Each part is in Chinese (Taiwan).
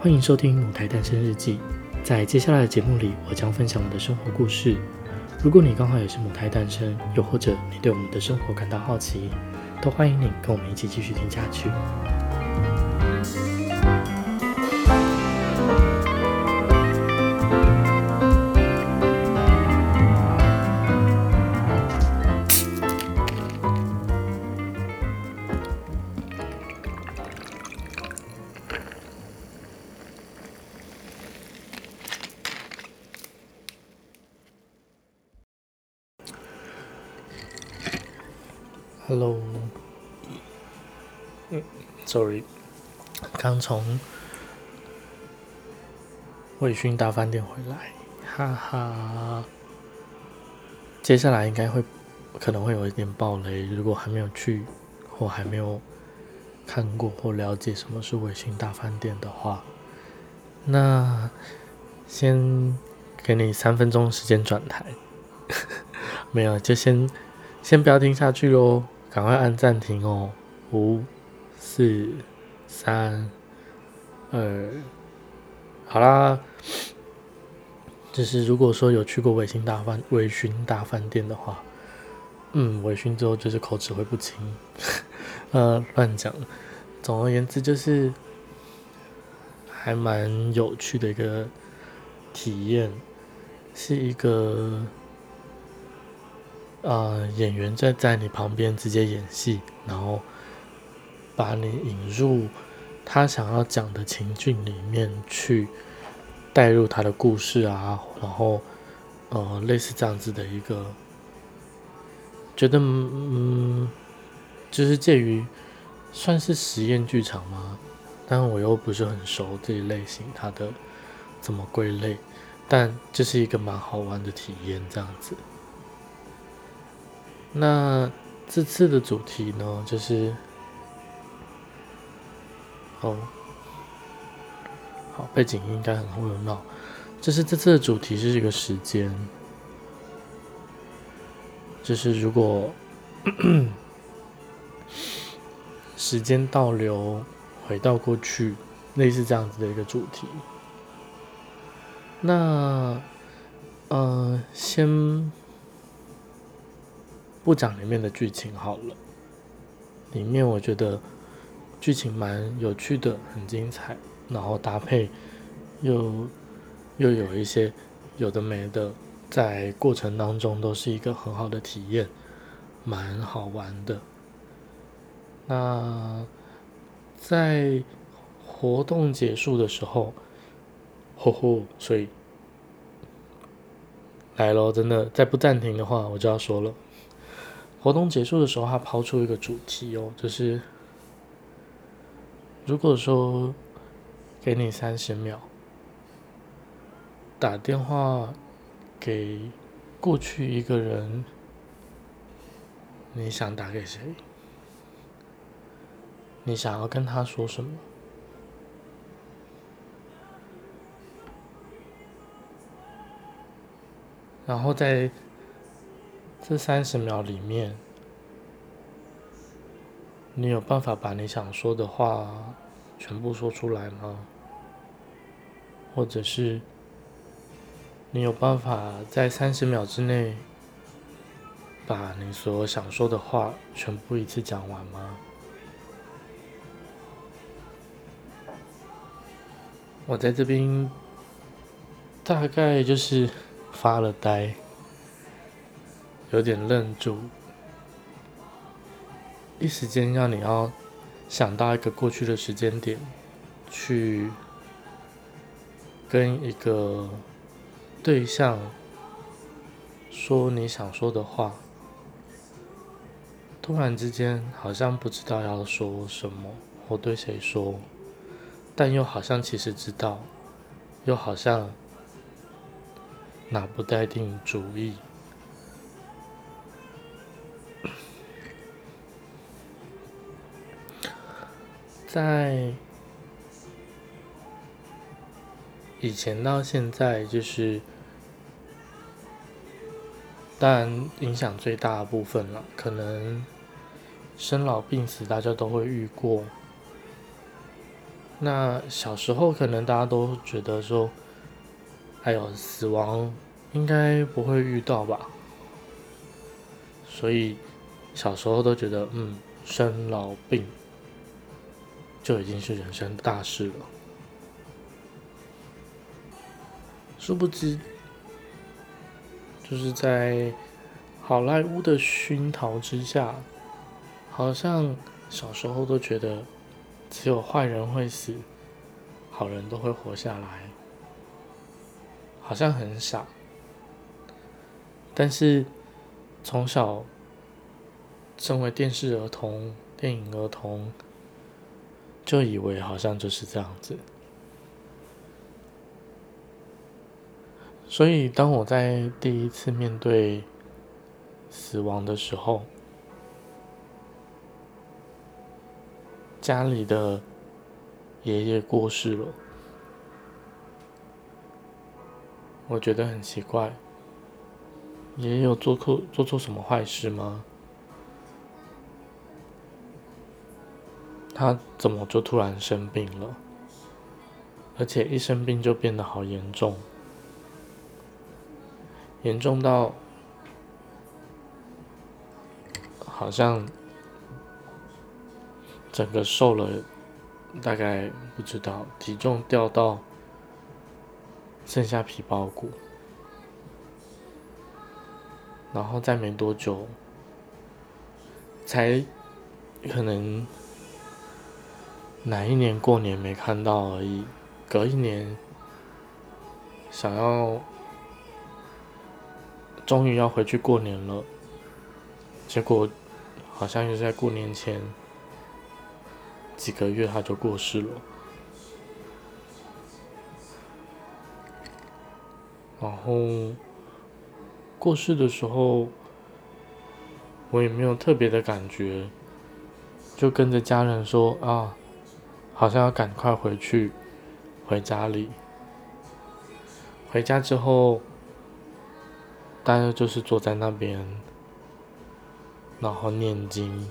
歡迎收聽《母胎單身日記》。在接下來的節目裡，我將分享我的生活故事。如果你剛好也是母胎單身，又或者你對我們的生活感到好奇，都歡迎你跟我們一起繼續聽下去。Hello，嗯，Sorry，剛從《微醺大飯店》回來，哈哈。接下來應該會可能會有一點爆雷，如果還沒有去或還沒有看過或了解什麼是《微醺大飯店》的話，那先給你三分鐘時間轉台， 沒有就先先不要聽下去嘍。趕快按暫停哦，五、四、三、二，好啦。就是如果說有去過微醺大飯微醺大飯店的話，嗯，微醺之後就是口齒會不清， 呃，亂講。總而言之，就是還蠻有趣的一個體驗，是一個。呃，演員在在你旁邊直接演戲，然後把你引入他想要講的情境裡面去，帶入他的故事啊，然後呃，類似這樣子的一個，覺得嗯，就是介於算是實驗劇場嗎？但我又不是很熟這一類型，他的怎麼歸類？但這是一個蠻好玩的體驗，這樣子。那這次的主題呢，就是，哦，好，背景應該很熱鬧。就是這次的主題，是一個時間，就是如果 時間倒流，回到過去，類似這樣子的一個主題。那，呃，先。不講裡面的劇情好了，裡面我覺得劇情蠻有趣的，很精彩，然後搭配又又有一些有的沒的，在過程當中都是一個很好的體驗，蠻好玩的。那在活動結束的時候，吼吼，所以來咯，真的，再不暫停的話，我就要說了。活動結束的時候，他拋出一個主題哦，就是如果說，給你三十秒打電話給過去一個人，嗯、你想打給誰？你想要跟他說什麼？然後再。這三十秒裡面，你有辦法把你想說的話全部說出來嗎？或者是你有辦法在三十秒之內把你所想說的話全部一次講完嗎？我在這邊大概就是發了呆。有點愣住，一時間讓你要想到一個過去的時間點，去跟一個對象說你想說的話，突然之間好像不知道要說什麼，或對誰說，但又好像其實知道，又好像拿不定主意。在以前到現在，就是但影響最大的部分了。可能生老病死，大家都會遇過。那小時候可能大家都覺得說，還有死亡應該不會遇到吧？所以小時候都覺得，嗯，生老病。就已經是人生大事了。殊不知，就是在好萊塢的燻陶之下，好像小時候都覺得只有壞人會死，好人都會活下來，好像很傻。但是從小身為電視兒童、電影兒童，就以為好像就是這樣子，所以當我在第一次面對死亡的時候，家裡的爺爺過世了，我覺得很奇怪，爺爺有做錯，做錯什麼壞事嗎？他怎麼就突然生病了？而且一生病就變得好嚴重，嚴重到好像整個瘦了，大概不知道體重掉到剩下皮包骨，然後再沒多久，才可能。哪一年過年沒看到而已，隔一年，想要，終於要回去過年了，結果好像又在過年前幾個月他就過世了，然後過世的時候我也沒有特別的感覺，就跟着家人說啊。好像要趕快回去，回家裡。回家之後，大家就是坐在那邊，然後念經，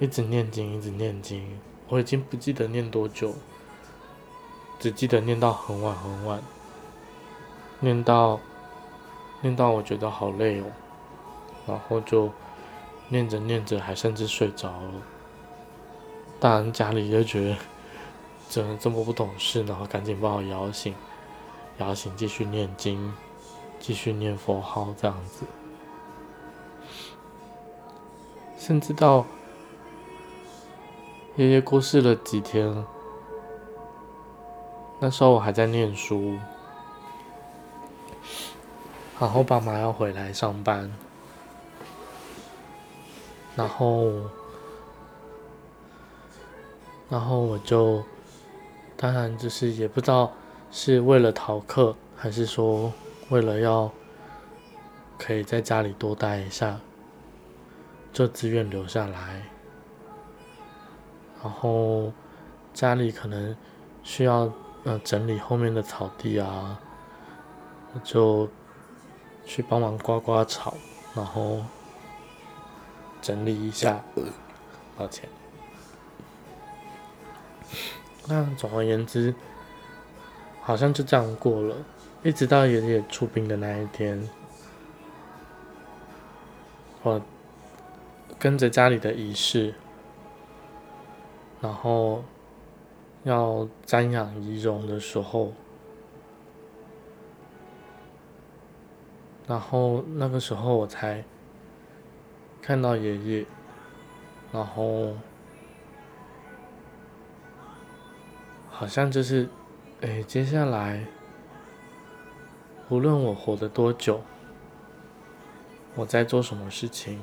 一直念經，一直念經。我已經不記得念多久，只記得念到很晚很晚，念到，念到我覺得好累哦，然後就，念着念着還甚至睡着了。但家裡就覺得怎麼這麼不懂事，然後趕緊把我搖醒，搖醒繼續念經，繼續念佛號這樣子。甚至到爺爺過世了幾天，那時候我還在念書，然後爸媽要回來上班，然後。然後我就，當然就是也不知道是為了逃課，還是說為了要可以在家裡多待一下，就自願留下來。然後家裡可能需要呃整理後面的草地啊，就去幫忙刮刮草，然後整理一下， 抱歉。那總而言之，好像就這樣過了，一直到爺爺出殯的那一天，我跟着家裡的儀式，然後要瞻仰遺容的時候，然後那個時候我才看到爺爺，然後。好像就是，哎、欸，接下來，無論我活得多久，我在做什麼事情，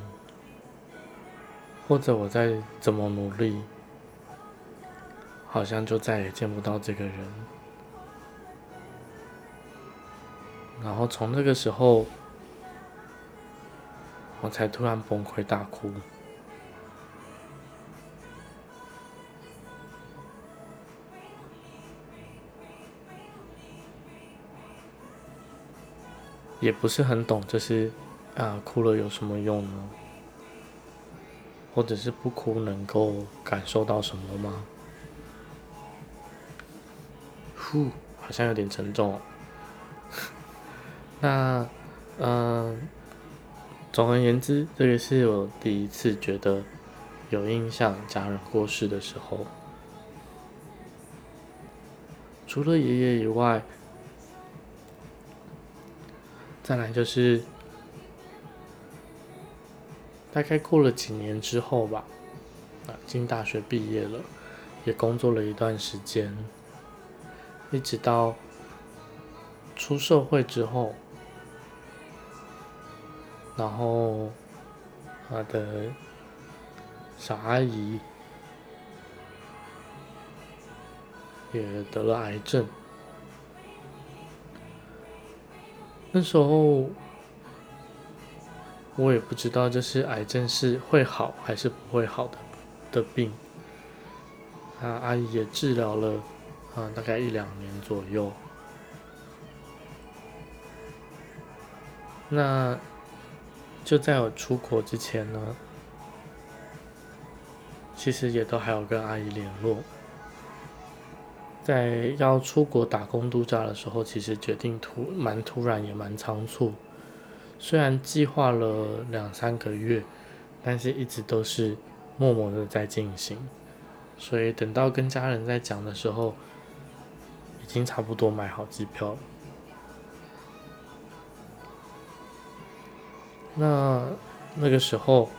或者我在怎麼努力，好像就再也見不到這個人。然後從那個時候，我才突然崩潰大哭。也不是很懂，就是，啊、呃，哭了有什麼用呢？或者是不哭能夠感受到什麼嗎？呼，好像有點沉重。 那，嗯、呃，總而言之，這個是我第一次覺得有印象，家人過世的時候，除了爺爺以外。再來就是，大概過了幾年之後吧，啊，已經大學畢業了，也工作了一段時間，一直到出社會之後，然後他的小阿姨也得了癌症。那時候，我也不知道這是癌症是會好還是不會好的的病。啊，阿姨也治療了，啊，大概一兩年左右。那就在我出國之前呢，其實也都還有跟阿姨聯絡。在要出國打工度假的時候，其實決定突，蠻突然，也蠻倉促。雖然計劃了兩三個月，但是一直都是默默的在進行。所以等到跟家人在講的時候，已經差不多買好機票了。那那個時候，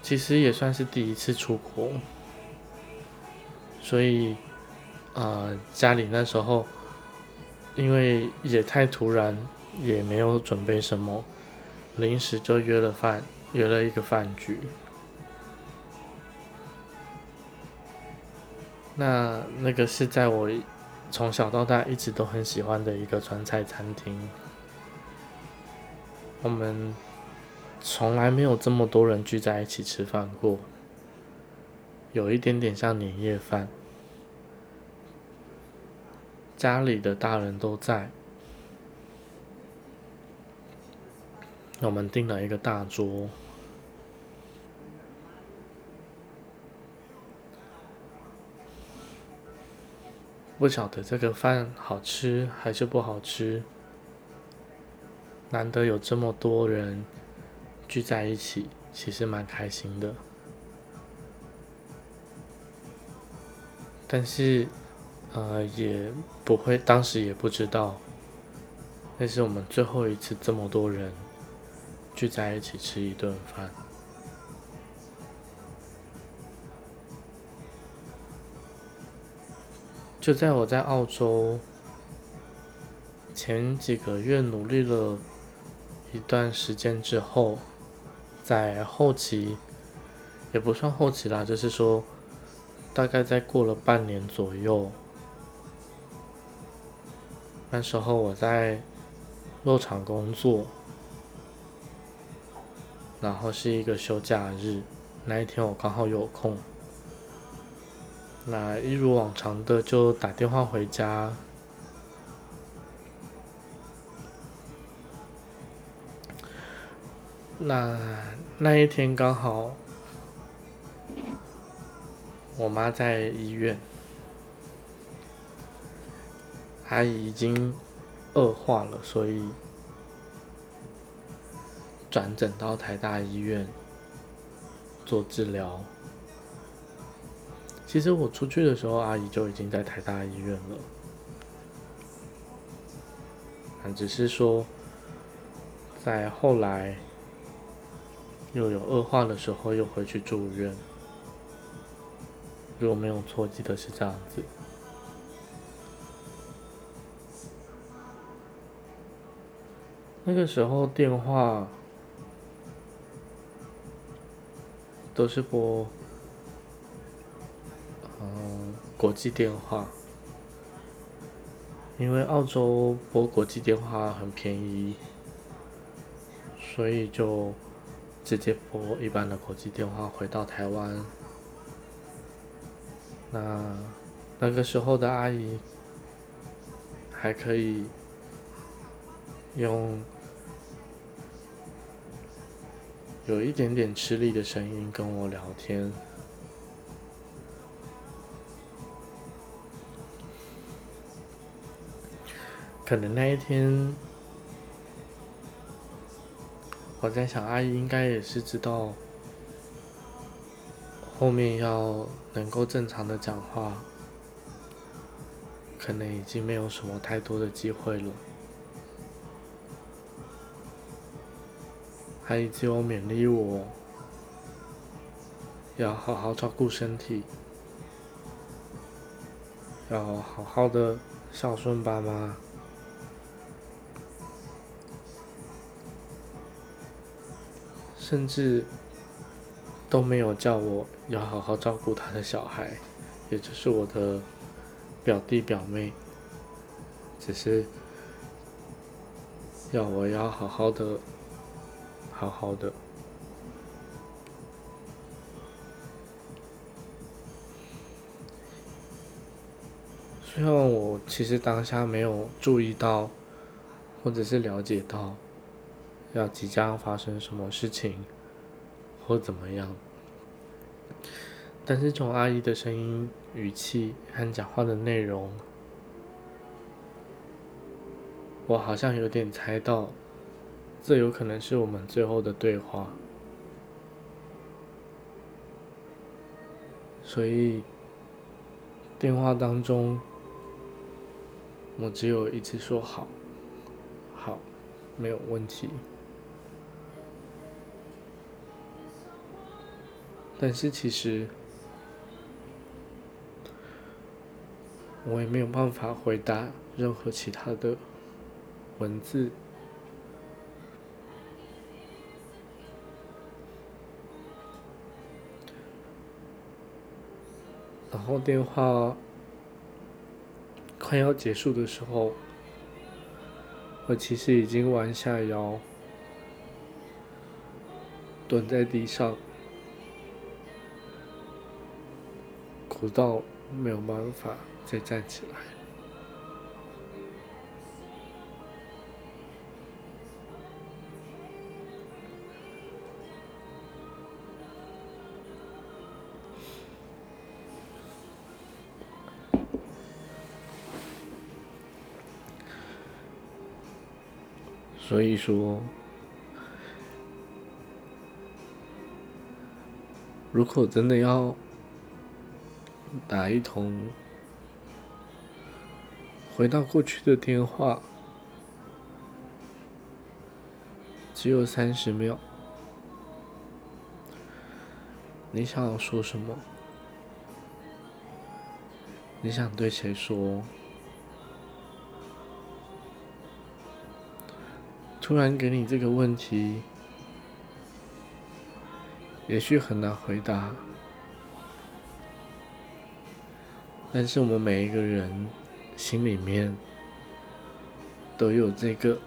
其實也算是第一次出國，所以。呃，家裡那時候，因為也太突然，也沒有準備什麼，臨時就約了飯，約了一個飯局。那那個是在我從小到大一直都很喜歡的一個川菜餐廳，我們從來沒有這麼多人聚在一起吃飯過，有一點點像年夜飯。家裡的大人都在，我們訂了一個大桌，不曉得這個飯好吃還是不好吃。難得有這麼多人聚在一起，其實蠻開心的，但是。呃，也不會，當時也不知道，那是我們最後一次這麼多人聚在一起吃一頓飯。就在我在澳洲前幾個月努力了一段時間之後，在後期也不算後期啦，就是說大概在過了半年左右。那時候我在肉廠工作，然後是一個休假日，那一天我剛好有空，那一如往常的就打電話回家，那那一天剛好我媽在醫院。阿姨已經惡化了，所以轉診到台大醫院做治療。其實我出去的時候，阿姨就已經在台大醫院了，只是說在後來又有惡化的時候，又回去住院。如果沒有錯，記得是這樣子。那個時候電話都是撥嗯國際電話，因為澳洲撥國際電話很便宜，所以就直接撥一般的國際電話回到台灣。那那個時候的阿姨還可以。用有一點點吃力的聲音跟我聊天，可能那一天，我在想，阿姨應該也是知道後面要能夠正常的講話，可能已經沒有什麼太多的機會了。他只有勉勵我，要好好照顧身體，要好好的孝順爸媽，甚至都沒有叫我要好好照顧他的小孩，也就是我的表弟表妹，只是要我要好好的。好好的。雖然我其實當下沒有注意到，或者是了解到，要即將發生什麼事情，或怎麼樣，但是從阿姨的聲音、語氣和講話的內容，我好像有點猜到。這有可能是我們最後的對話，所以電話當中，我只有一直說好，好，沒有問題。但是其實，我也沒有辦法回答任何其他的文字。然後電話快要結束的時候，我其實已經彎下腰，蹲在地上，哭到沒有辦法再站起來。所以說，如果真的要打一通回到過去的電話，只有三十秒。你想說什麼？你想對誰說？突然給你這個問題，也許很難回答，但是我們每一個人心裡面都有這個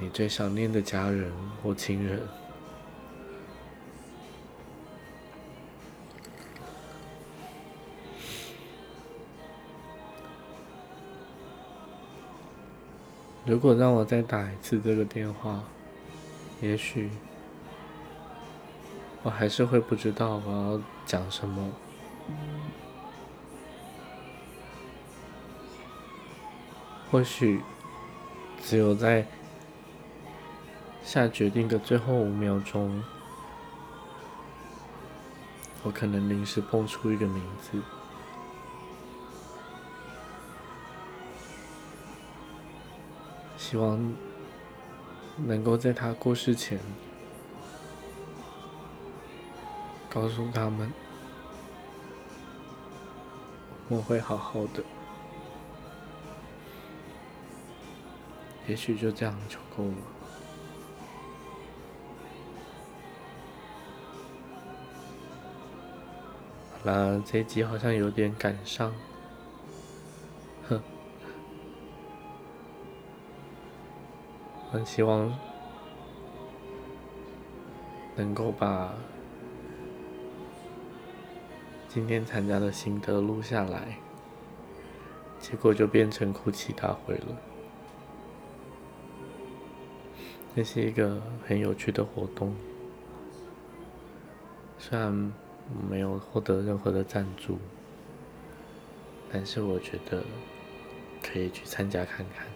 你最想念的家人或親人。如果讓我再打一次這個電話，也許我還是會不知道我要講什麼。或許只有在下決定的最後五秒鐘，我可能臨時蹦出一個名字。希望能夠在他過世前告訴他們我會好好的，也許就這樣就夠了。好了，這一集好像有點感傷。希望能夠把今天參加的心得錄下來，結果就變成哭泣大會了。這是一個很有趣的活動，雖然沒有獲得任何的贊助，但是我覺得可以去參加看看。